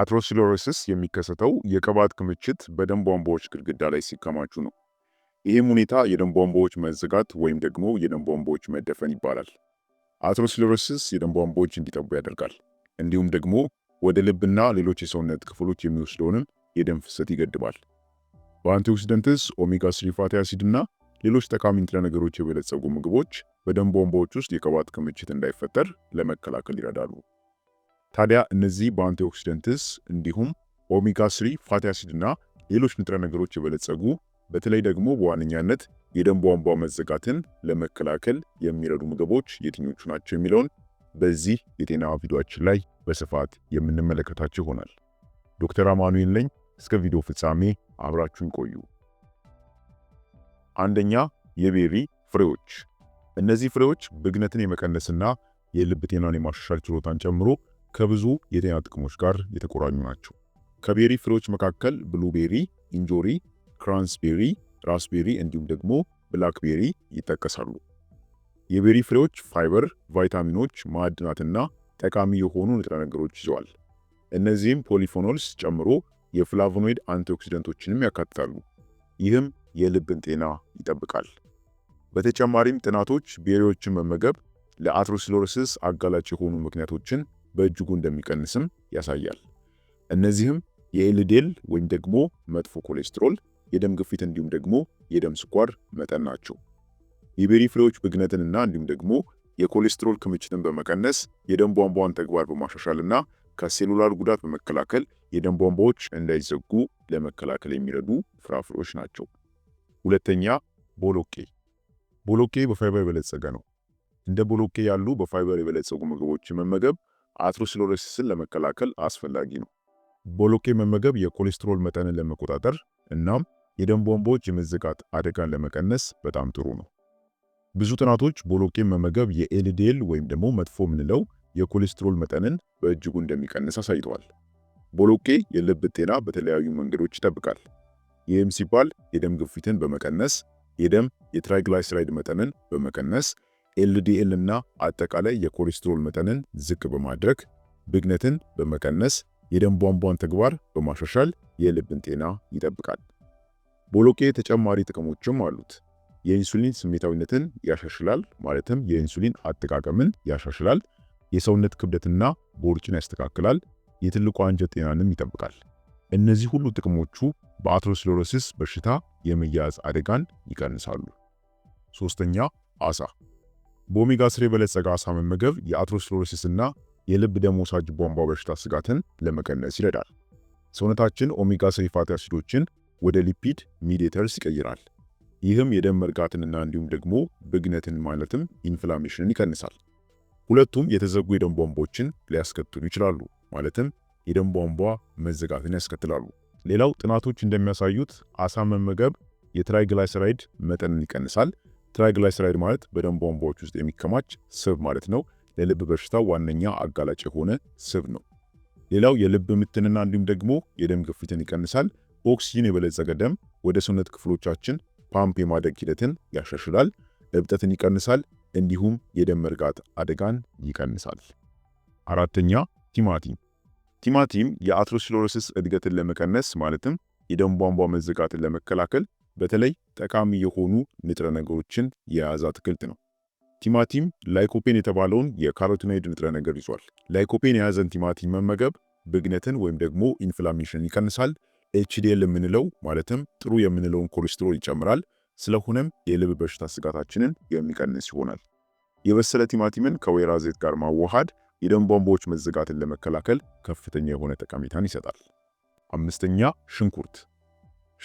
አትሮስሎሮሲስ የሚከሰተው የቅባት ክምችት በደም ቧንቧዎች ግድግዳ ላይ ሲከማቹ ነው። ይህም ሁኔታ የደም ቧንቧዎች መዘጋት ወይም ደግሞ የደም ቧንቧዎች መደፈን ይባላል። አትሮስሎሮሲስ የደም ቧንቧዎች እንዲጠቡ ያደርጋል። እንዲሁም ደግሞ ወደ ልብና ሌሎች የሰውነት ክፍሎች የሚወስደውንም የደም ፍሰት ይገድባል። በአንቲኦክሲደንትስ ኦሜጋ ስሪ ፋቲ አሲድ እና ሌሎች ጠቃሚ ንጥረ ነገሮች የበለጸጉ ምግቦች በደም ቧንቧዎች ውስጥ የቅባት ክምችት እንዳይፈጠር ለመከላከል ይረዳሉ። ታዲያ እነዚህ በአንቲኦክሲደንትስ እንዲሁም ኦሜጋ ስሪ ፋቲ አሲድ እና ሌሎች ንጥረ ነገሮች የበለጸጉ በተለይ ደግሞ በዋነኛነት የደም ቧንቧ መዘጋትን ለመከላከል የሚረዱ ምግቦች የትኞቹ ናቸው የሚለውን በዚህ የጤና ቪዲዮችን ላይ በስፋት የምንመለከታቸው ይሆናል። ዶክተር አማኑኤል ነኝ። እስከ ቪዲዮ ፍጻሜ አብራችሁን ቆዩ። አንደኛ፣ የቤሪ ፍሬዎች። እነዚህ ፍሬዎች ብግነትን የመቀነስና የልብ ጤናን የማሻሻል ችሎታን ጨምሮ ከብዙ የጤና ጥቅሞች ጋር የተቆራኙ ናቸው። ከቤሪ ፍሬዎች መካከል ብሉቤሪ፣ እንጆሪ፣ ክራንስቤሪ፣ ራስቤሪ እንዲሁም ደግሞ ብላክቤሪ ይጠቀሳሉ። የቤሪ ፍሬዎች ፋይበር፣ ቫይታሚኖች፣ ማዕድናትና ጠቃሚ የሆኑ ንጥረ ነገሮች ይዘዋል። እነዚህም ፖሊፎኖልስ ጨምሮ የፍላቮኖይድ አንቲኦክሲደንቶችንም ያካትታሉ። ይህም የልብን ጤና ይጠብቃል። በተጨማሪም ጥናቶች ቤሪዎችን መመገብ ለአትሮስሎረሲስ አጋላጭ የሆኑ ምክንያቶችን በእጅጉ እንደሚቀንስም ያሳያል። እነዚህም የኤልዲኤል ወይም ደግሞ መጥፎ ኮሌስትሮል፣ የደም ግፊት እንዲሁም ደግሞ የደም ስኳር መጠን ናቸው። የቤሪ ፍሬዎች ብግነትንና እንዲሁም ደግሞ የኮሌስትሮል ክምችትን በመቀነስ የደም ቧንቧን ተግባር በማሻሻልና ከሴሉላር ጉዳት በመከላከል የደም ቧንቧዎች እንዳይዘጉ ለመከላከል የሚረዱ ፍራፍሬዎች ናቸው። ሁለተኛ ቦሎቄ። ቦሎቄ በፋይበር የበለጸገ ነው። እንደ ቦሎቄ ያሉ በፋይበር የበለጸጉ ምግቦችን መመገብ አትሮስሎሬሲስን ለመከላከል አስፈላጊ ነው። ቦሎቄ መመገብ የኮሌስትሮል መጠንን ለመቆጣጠር እናም የደም ቧንቧዎች የመዘጋት አደጋን ለመቀነስ በጣም ጥሩ ነው። ብዙ ጥናቶች ቦሎቄ መመገብ የኤልዲኤል ወይም ደግሞ መጥፎ የምንለው የኮሌስትሮል መጠንን በእጅጉ እንደሚቀንስ አሳይተዋል። ቦሎቄ የልብ ጤና በተለያዩ መንገዶች ይጠብቃል። ይህም ሲባል የደም ግፊትን በመቀነስ የደም የትራይግላይሰራይድ መጠንን በመቀነስ ኤልዲኤል እና አጠቃላይ የኮሌስትሮል መጠንን ዝቅ በማድረግ ብግነትን በመቀነስ የደም ቧንቧን ተግባር በማሻሻል የልብን ጤና ይጠብቃል። ቦሎቄ ተጨማሪ ጥቅሞችም አሉት። የኢንሱሊን ስሜታዊነትን ያሻሽላል፣ ማለትም የኢንሱሊን አጠቃቀምን ያሻሽላል። የሰውነት ክብደትና ቦርጭን ያስተካክላል። የትልቁ አንጀት ጤናንም ይጠብቃል። እነዚህ ሁሉ ጥቅሞቹ በአትሮስሎሮሲስ በሽታ የመያዝ አደጋን ይቀንሳሉ። ሶስተኛ አሳ በኦሜጋ ስሪ የበለጸገ አሳ መመገብ የአትሮስሎሮሲስ እና የልብ ደም ወሳጅ ቧንቧ በሽታ ስጋትን ለመቀነስ ይረዳል። ሰውነታችን ኦሜጋ ስሪ ፋቲ አሲዶችን ወደ ሊፒድ ሚዲተርስ ይቀይራል። ይህም የደም መርጋትንና እንዲሁም ደግሞ ብግነትን ማለትም ኢንፍላሜሽንን ይቀንሳል። ሁለቱም የተዘጉ የደም ቧንቧዎችን ሊያስከትሉ ይችላሉ፣ ማለትም የደም ቧንቧ መዘጋትን ያስከትላሉ። ሌላው ጥናቶች እንደሚያሳዩት አሳ መመገብ የትራይግላይሰራይድ መጠንን ይቀንሳል። ትራይግላይሰራይድ ማለት በደም ቧንቧዎች ውስጥ የሚከማች ስብ ማለት ነው። ለልብ በሽታ ዋነኛ አጋላጭ የሆነ ስብ ነው። ሌላው የልብ ምትንና እንዲሁም ደግሞ የደም ግፊትን ይቀንሳል። ኦክሲጅን የበለጸገ ደም ወደ ሰውነት ክፍሎቻችን ፓምፕ የማደግ ሂደትን ያሻሽላል፣ እብጠትን ይቀንሳል፣ እንዲሁም የደም መርጋት አደጋን ይቀንሳል። አራተኛ ቲማቲም። ቲማቲም የአትሮስሎሮሲስ እድገትን ለመቀነስ ማለትም የደም ቧንቧ መዘጋትን ለመከላከል በተለይ ጠቃሚ የሆኑ ንጥረ ነገሮችን የያዘ አትክልት ነው። ቲማቲም ላይኮፔን የተባለውን የካሮቲኖይድ ንጥረ ነገር ይዟል። ላይኮፔን የያዘን ቲማቲም መመገብ ብግነትን ወይም ደግሞ ኢንፍላሜሽን ይቀንሳል። ኤችዲኤል የምንለው ማለትም ጥሩ የምንለውን ኮሌስትሮል ይጨምራል። ስለሆነም የልብ በሽታ ስጋታችንን የሚቀንስ ይሆናል። የበሰለ ቲማቲምን ከወይራ ዘይት ጋር ማዋሃድ የደም ቧንቧዎች መዘጋትን ለመከላከል ከፍተኛ የሆነ ጠቀሜታን ይሰጣል። አምስተኛ ሽንኩርት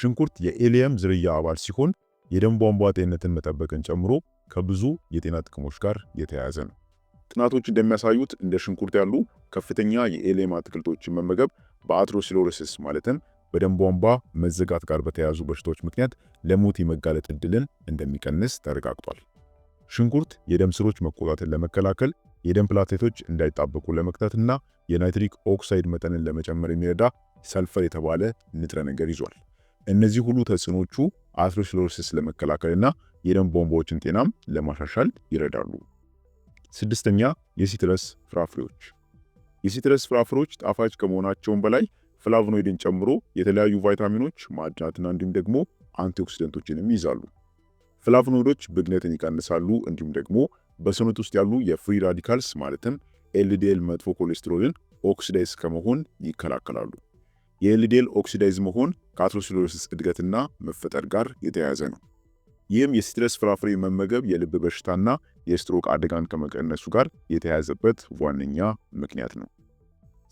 ሽንኩርት የኤሊየም ዝርያ አባል ሲሆን የደም ቧንቧ ጤንነትን መጠበቅን ጨምሮ ከብዙ የጤና ጥቅሞች ጋር የተያያዘ ነው። ጥናቶች እንደሚያሳዩት እንደ ሽንኩርት ያሉ ከፍተኛ የኤሊየም አትክልቶችን መመገብ በአትሮስሎሮሲስ ማለትም በደም ቧንቧ መዘጋት ጋር በተያያዙ በሽታዎች ምክንያት ለሞት የመጋለጥ እድልን እንደሚቀንስ ተረጋግጧል። ሽንኩርት የደም ስሮች መቆጣትን ለመከላከል የደም ፕላቴቶች እንዳይጣበቁ ለመክታትና የናይትሪክ ኦክሳይድ መጠንን ለመጨመር የሚረዳ ሰልፈር የተባለ ንጥረ ነገር ይዟል። እነዚህ ሁሉ ተጽዕኖቹ አተሮስክለሮሲስ ለመከላከል እና የደም ቧንቧዎችን ጤናም ለማሻሻል ይረዳሉ። ስድስተኛ የሲትረስ ፍራፍሬዎች። የሲትረስ ፍራፍሬዎች ጣፋጭ ከመሆናቸውም በላይ ፍላቮኖይድን ጨምሮ የተለያዩ ቫይታሚኖች፣ ማዕድናትና እንዲሁም ደግሞ አንቲኦክሲደንቶችንም ይይዛሉ። ፍላቮኖይዶች ብግነትን ይቀንሳሉ፣ እንዲሁም ደግሞ በሰውነት ውስጥ ያሉ የፍሪ ራዲካልስ ማለትም ኤልዲኤል መጥፎ ኮሌስትሮልን ኦክሲዳይዝ ከመሆን ይከላከላሉ። የኤልዲኤል ኦክሲዳይዝ መሆን ከአተሮስክለሮሲስ እድገትና መፈጠር ጋር የተያያዘ ነው። ይህም የሲትረስ ፍራፍሬ መመገብ የልብ በሽታና የስትሮክ አደጋን ከመቀነሱ ጋር የተያያዘበት ዋነኛ ምክንያት ነው።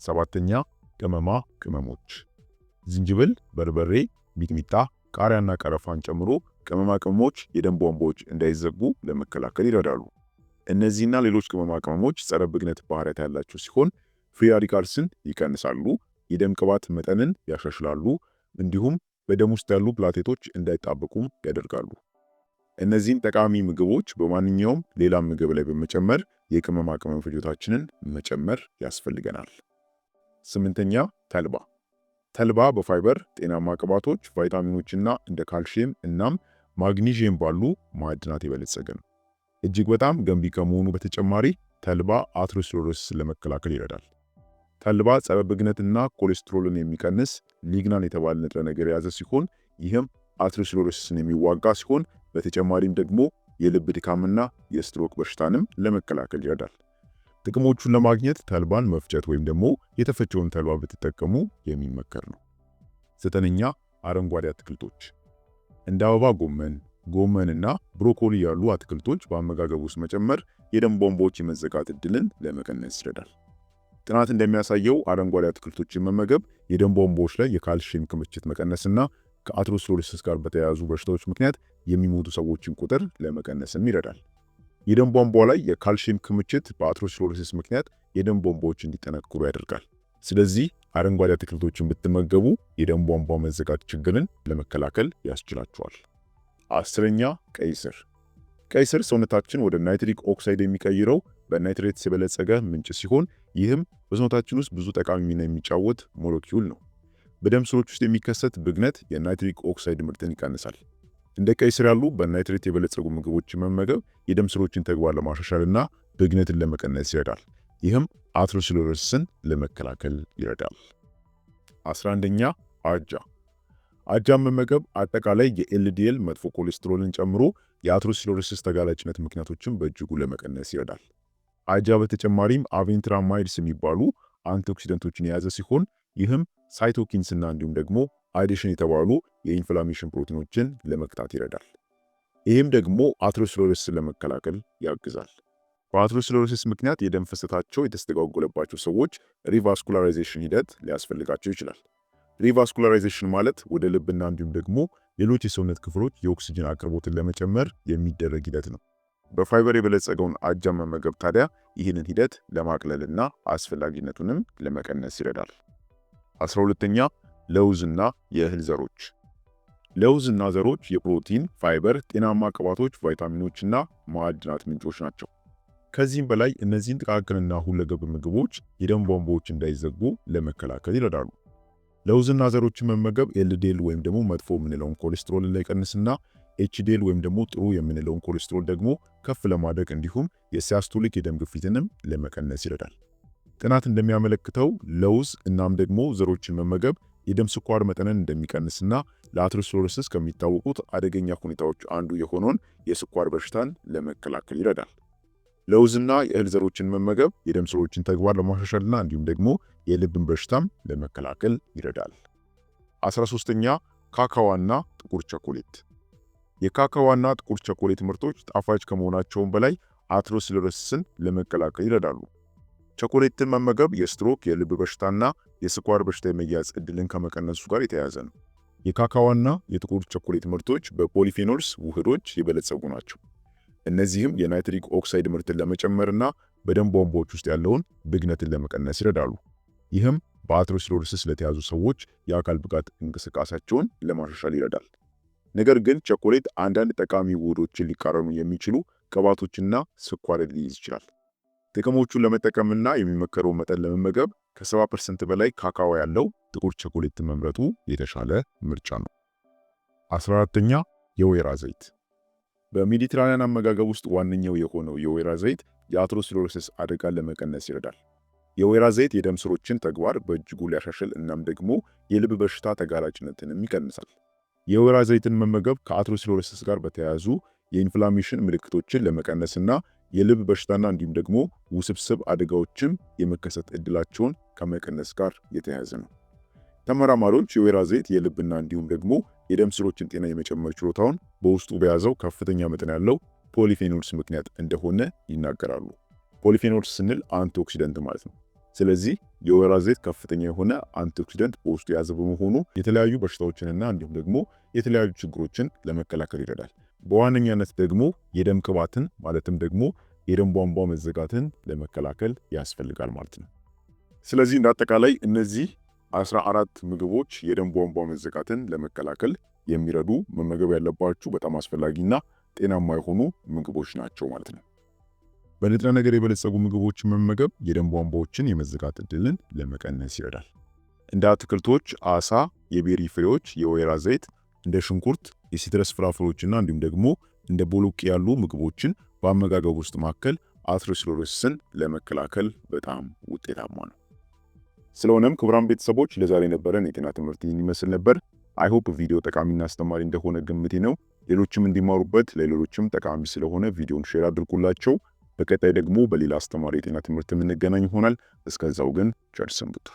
ሰባተኛ ቅመማ ቅመሞች ዝንጅብል፣ በርበሬ፣ ሚጥሚጣ፣ ቃሪያና ቀረፋን ጨምሮ ቅመማ ቅመሞች የደም ቧንቧዎች እንዳይዘጉ ለመከላከል ይረዳሉ። እነዚህና ሌሎች ቅመማ ቅመሞች ጸረ ብግነት ባህሪያት ያላቸው ሲሆን ፍሪ ራዲካልስን ይቀንሳሉ፣ የደም ቅባት መጠንን ያሻሽላሉ፣ እንዲሁም በደም ውስጥ ያሉ ፕላቴቶች እንዳይጣበቁም ያደርጋሉ። እነዚህን ጠቃሚ ምግቦች በማንኛውም ሌላ ምግብ ላይ በመጨመር የቅመማ ቅመም ፍጆታችንን መጨመር ያስፈልገናል። ስምንተኛ ተልባ። ተልባ በፋይበር ጤናማ ቅባቶች፣ ቫይታሚኖችና እንደ ካልሽየም እናም ማግኒዥየም ባሉ ማዕድናት የበለጸገ ነው። እጅግ በጣም ገንቢ ከመሆኑ በተጨማሪ ተልባ አትሮስሎሮሲስን ለመከላከል ይረዳል። ተልባ ጸረ ብግነትና ኮሌስትሮልን የሚቀንስ ሊግናን የተባለ ንጥረ ነገር የያዘ ሲሆን ይህም አትሮስሎሮሲስን የሚዋጋ ሲሆን በተጨማሪም ደግሞ የልብ ድካምና የስትሮክ በሽታንም ለመከላከል ይረዳል። ጥቅሞቹን ለማግኘት ተልባን መፍጨት ወይም ደግሞ የተፈጨውን ተልባ ብትጠቀሙ የሚመከር ነው። ዘጠነኛ አረንጓዴ አትክልቶች እንደ አበባ ጎመን፣ ጎመንና ብሮኮሊ ያሉ አትክልቶች በአመጋገብ ውስጥ መጨመር የደም ቧንቧዎች የመዘጋት እድልን ለመቀነስ ይረዳል። ጥናት እንደሚያሳየው አረንጓዴ አትክልቶችን መመገብ የደም ቧንቧዎች ላይ የካልሽየም ክምችት መቀነስና ከአትሮስሎሪስስ ጋር በተያያዙ በሽታዎች ምክንያት የሚሞቱ ሰዎችን ቁጥር ለመቀነስም ይረዳል። የደም ቧንቧ ላይ የካልሽየም ክምችት በአትሮስሎሪስስ ምክንያት የደም ቧንቧዎች እንዲጠነክሩ ያደርጋል። ስለዚህ አረንጓዴ አትክልቶችን ብትመገቡ የደም ቧንቧ መዘጋት ችግርን ለመከላከል ያስችላቸዋል። አስረኛ ቀይ ስር። ቀይ ስር ሰውነታችን ወደ ናይትሪክ ኦክሳይድ የሚቀይረው በናይትሬትስ የበለጸገ ምንጭ ሲሆን ይህም በሰውነታችን ውስጥ ብዙ ጠቃሚ ሚና የሚጫወት ሞለኪውል ነው። በደም ስሮች ውስጥ የሚከሰት ብግነት የናይትሪክ ኦክሳይድ ምርትን ይቀንሳል። እንደ ቀይ ስር ያሉ በናይትሬት የበለጸጉ ምግቦችን መመገብ የደም ስሮችን ተግባር ለማሻሻልና ብግነትን ለመቀነስ ይረዳል። ይህም አትሮስሎረስን ለመከላከል ይረዳል። 11ኛ አጃ። አጃ መመገብ አጠቃላይ የኤልዲኤል መጥፎ ኮሌስትሮልን ጨምሮ የአትሮስሎረስስ ተጋላጭነት ምክንያቶችን በእጅጉ ለመቀነስ ይረዳል። አጃ በተጨማሪም አቬንትራማይድስ የሚባሉ አንቲኦክሲደንቶችን የያዘ ሲሆን ይህም ሳይቶኪንስ እና እንዲሁም ደግሞ አዴሽን የተባሉ የኢንፍላሜሽን ፕሮቲኖችን ለመክታት ይረዳል። ይህም ደግሞ አትሮስሎሮሲስን ለመከላከል ያግዛል። በአትሮስሎሮሲስ ምክንያት የደም ፍሰታቸው የተስተጓጎለባቸው ሰዎች ሪቫስኩላራይዜሽን ሂደት ሊያስፈልጋቸው ይችላል። ሪቫስኩላራይዜሽን ማለት ወደ ልብና እንዲሁም ደግሞ ሌሎች የሰውነት ክፍሎች የኦክስጅን አቅርቦትን ለመጨመር የሚደረግ ሂደት ነው። በፋይበር የበለጸገውን አጃ መመገብ ታዲያ ይህንን ሂደት ለማቅለልና አስፈላጊነቱንም ለመቀነስ ይረዳል። አስራ ሁለተኛ ለውዝና የእህል ዘሮች። ለውዝና ዘሮች የፕሮቲን፣ ፋይበር፣ ጤናማ ቅባቶች፣ ቫይታሚኖችና ማዕድናት ምንጮች ናቸው። ከዚህም በላይ እነዚህን ጥቃቅንና ሁለገብ ምግቦች የደም ቧንቧዎች እንዳይዘጉ ለመከላከል ይረዳሉ። ለውዝና ዘሮችን መመገብ ኤልዲኤል ወይም ደግሞ መጥፎ የምንለውን ኮሌስትሮል ላይቀንስና ኤችዲኤል ወይም ደግሞ ጥሩ የምንለውን ኮሌስትሮል ደግሞ ከፍ ለማድረግ እንዲሁም የሲያስቶሊክ የደም ግፊትንም ለመቀነስ ይረዳል። ጥናት እንደሚያመለክተው ለውዝ እናም ደግሞ ዘሮችን መመገብ የደም ስኳር መጠንን እንደሚቀንስና ለአተሮስክለሮሲስ ከሚታወቁት አደገኛ ሁኔታዎች አንዱ የሆነውን የስኳር በሽታን ለመከላከል ይረዳል። ለውዝና የእህል ዘሮችን መመገብ የደም ስሮችን ተግባር ለማሻሻልና እንዲሁም ደግሞ የልብን በሽታም ለመከላከል ይረዳል። 13ኛ ካካዋና ጥቁር ቸኮሌት የካካዋና ጥቁር ቸኮሌት ምርቶች ጣፋጭ ከመሆናቸውም በላይ አትሮስለሮሲስን ለመከላከል ይረዳሉ። ቸኮሌትን መመገብ የስትሮክ የልብ በሽታና የስኳር በሽታ የመያዝ እድልን ከመቀነሱ ጋር የተያያዘ ነው። የካካዋና የጥቁር ቸኮሌት ምርቶች በፖሊፌኖልስ ውህዶች የበለጸጉ ናቸው። እነዚህም የናይትሪክ ኦክሳይድ ምርትን ለመጨመርና በደም ቧንቧዎች ውስጥ ያለውን ብግነትን ለመቀነስ ይረዳሉ። ይህም በአትሮስለሮሲስ ለተያዙ ሰዎች የአካል ብቃት እንቅስቃሴያቸውን ለማሻሻል ይረዳል። ነገር ግን ቸኮሌት አንዳንድ ጠቃሚ ውህዶችን ሊቃረኑ የሚችሉ ቅባቶችና ስኳር ሊይዝ ይችላል። ጥቅሞቹን ለመጠቀምና የሚመከረውን መጠን ለመመገብ ከ70 ፐርሰንት በላይ ካካዋ ያለው ጥቁር ቸኮሌት መምረጡ የተሻለ ምርጫ ነው። 14ተኛ የወይራ ዘይት በሜዲትራንያን አመጋገብ ውስጥ ዋነኛው የሆነው የወይራ ዘይት የአትሮስሎሮሲስ አደጋን ለመቀነስ ይረዳል። የወይራ ዘይት የደም ስሮችን ተግባር በእጅጉ ሊያሻሽል እናም ደግሞ የልብ በሽታ ተጋላጭነትንም ይቀንሳል። የወይራ ዘይትን መመገብ ከአትሮስሎሬሲስ ጋር በተያያዙ የኢንፍላሜሽን ምልክቶችን ለመቀነስና የልብ በሽታና እንዲሁም ደግሞ ውስብስብ አደጋዎችም የመከሰት እድላቸውን ከመቀነስ ጋር የተያያዘ ነው። ተመራማሪዎች የወይራ ዘይት የልብና እንዲሁም ደግሞ የደም ስሮችን ጤና የመጨመር ችሎታውን በውስጡ በያዘው ከፍተኛ መጠን ያለው ፖሊፌኖልስ ምክንያት እንደሆነ ይናገራሉ። ፖሊፌኖልስ ስንል አንቲኦክሲደንት ማለት ነው። ስለዚህ የወይራ ዘይት ከፍተኛ የሆነ አንቲኦክሲደንት በውስጡ የያዘ በመሆኑ የተለያዩ በሽታዎችንና እንዲሁም ደግሞ የተለያዩ ችግሮችን ለመከላከል ይረዳል። በዋነኛነት ደግሞ የደም ቅባትን ማለትም ደግሞ የደም ቧንቧ መዘጋትን ለመከላከል ያስፈልጋል ማለት ነው። ስለዚህ እንዳጠቃላይ እነዚህ አስራ አራት ምግቦች የደም ቧንቧ መዘጋትን ለመከላከል የሚረዱ መመገብ ያለባችሁ በጣም አስፈላጊና ጤናማ የሆኑ ምግቦች ናቸው ማለት ነው። በንጥረ ነገር የበለጸጉ ምግቦችን መመገብ የደም ቧንቧዎችን የመዘጋት እድልን ለመቀነስ ይረዳል። እንደ አትክልቶች፣ አሳ፣ የቤሪ ፍሬዎች፣ የወይራ ዘይት፣ እንደ ሽንኩርት፣ የሲትረስ ፍራፍሬዎችና እንዲሁም ደግሞ እንደ ቦሎቄ ያሉ ምግቦችን በአመጋገብ ውስጥ ማከል አትሮስሎሮስን ለመከላከል በጣም ውጤታማ ነው። ስለሆነም ክቡራን ቤተሰቦች ለዛሬ የነበረን የጤና ትምህርት ይህን ይመስል ነበር። አይሆፕ ቪዲዮ ጠቃሚና አስተማሪ እንደሆነ ግምቴ ነው። ሌሎችም እንዲማሩበት ለሌሎችም ጠቃሚ ስለሆነ ቪዲዮን ሼር አድርጉላቸው። በቀጣይ ደግሞ በሌላ አስተማሪ የጤና ትምህርት የምንገናኝ ይሆናል። እስከዛው ግን ቸር ሰንብቱ።